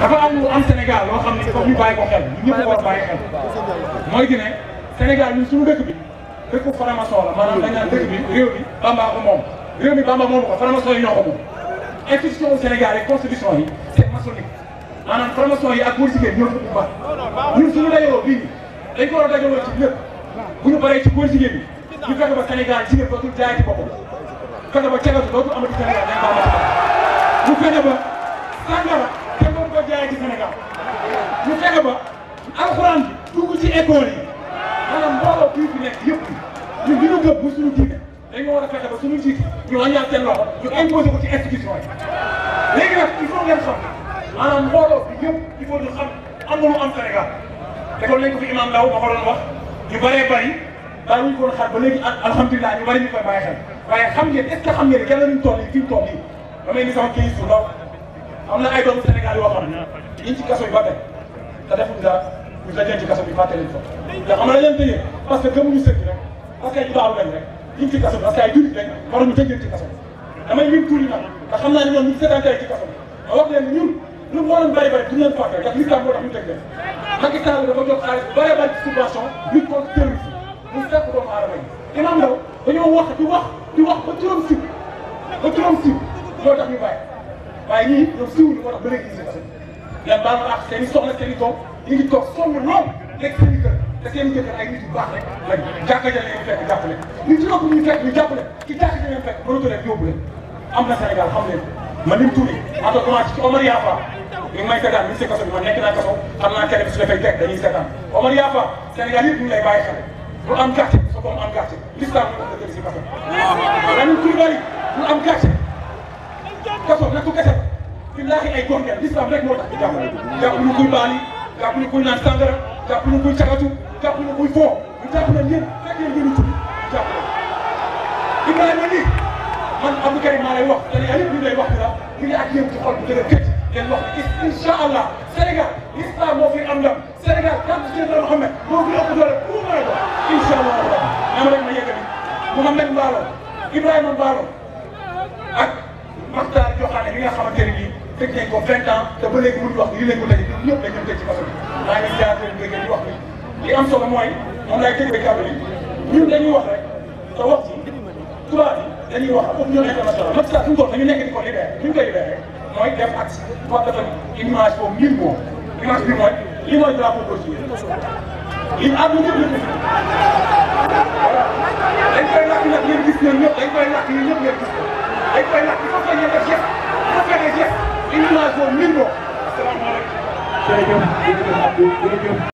dafa am lu am Sénégal loo xam ne comme ñu bàyyi ko xel ñu ñëpp war a bàyyi xel mooy gi ne Sénégal ñun suñu bi dëkk franc-maçon la maanaam dañ naan bi réew mi Bamba ko moom réew mi Bamba moomu ko franc-maçon yi ñoo ko moom institution Sénégal yi constitution yi c'est maçonnique maanaam franc-maçon yi ak politique ñoo ko baax ñun suñu dajaloo bii dañ ko war a dajaloo ci lépp bu ñu paree ci góor jigéen bi ñu fexe ba Sénégal jigéen dootul jaayati boppam fexe ba cagatu dootul amati Sénégal dañ ko amati boppam bu fexe ba sàngara Sénégal ñu fexe ba alxuraan bi dugg ci école yi maanaam mbooloo bii fi nekk yëpp ñun li ñu suñu diine dañoo war a fexe ba suñu jiit ñu wàññiwaat seen loxo ñu imposé ko nag il faut ngeen xam maanaam mbooloo bi yëpp il faut ñu xam am na lu am Sénégal école lañ ko fi imam Ndao ma ko doon wax ñu bëree bëri bàyyi wuñ ko woon xaar ba léegi alhamdulilah ñu bëri ñu koy bàyyi xel waaye xam ngeen est ce que xam ngeen kenn lañu toll nii fi mu toll nii damay ni sama kii su ndaw am na ay doomu Sénégal yoo xam ne yiñ ci kaso yi ba tey te defuñ dara ñu dajee ci kaso bi fàtte leen fa te xam na leen tëjee parce que gëmuñu sëkk rek parce que ay baalu ci kaso bi parce que ay jullit lañ ci kaso bi damay lim tuuli nag te xam naa ci kaso bi ma wax leen ñun lu mu waroon bari bari duñ leen fàtte ndax lislaam moo tax ñu tëj leen Macky Sall dafa jot xaalis bu bëree ci subvention mu fekk doomu aadama yi imam ndaw dañoo wax di wax di wax ba turam sib ba turam sib moo tax waaye ñii ñoom siiwuñu moo tax ba léegi ñu ngi yan baal ma ak seen i soxla seen i doom ñu ngi toog sonn lool nekk seen i kër te seen i jëkkër ay nit yu baax rek lañu jàkka ja leen fekk jàppale ñu ci ëpp ñu fekk ñu jàppale ci jàkka ja leen fekk mënatu leen yóbbu leen am na Sénégal xam leen man ni mu tuuti en tout cas ci Omar Yafa ñu ngi may seetaan mi si kaso bi man nekk naa kaso xam naa télé bi su dafay teg dañuy seetaan Omar Yafa Sénégal yëpp ñu lay bàyyi xel bu am gàcce sa boom am gàcce l'islam ñu wax dëgg si kaso dañu tuuti bari bu am gàcce toog rek bu kese fi mu laaxi ay góor ngeen l'islam rek moo tax ñu jàppale jàppale kuy baali jàppale a tudd jàppale Ibrahima man Abdou Karim maa lay wax te ne ñu lay wax la mu ngi ak yéen ci allah Sénégal l'islam moo fi am ndam Sénégal kàddu moo fi ëpp doole pour a doon incha allah. ñoom rek ma yeggali Mouhamed Mbaró Ibrahima Mbaró ak. Makhtar Diokhané mi nga xamante ne nii tëj nañ ko 20 ans te ba léegi mënul wax lii lañ ko tëj ñun ñëpp dañ leen tëj ci kaso bi. maa ngi jaar leen bëgg di wax ni li am solo mooy moom laay tëj rek kàddu yi ñun dañuy wax rek te wax ci tubaab yi dañuy wax opinion internationale Makhtar fu mu toll dañu nekk di ko libéré li ñu koy libéré mooy def ak wax dafa image boobu mbir moom image bi mooy li mooy drapeau boobu ci li am lu jëm Jacob. Jacob.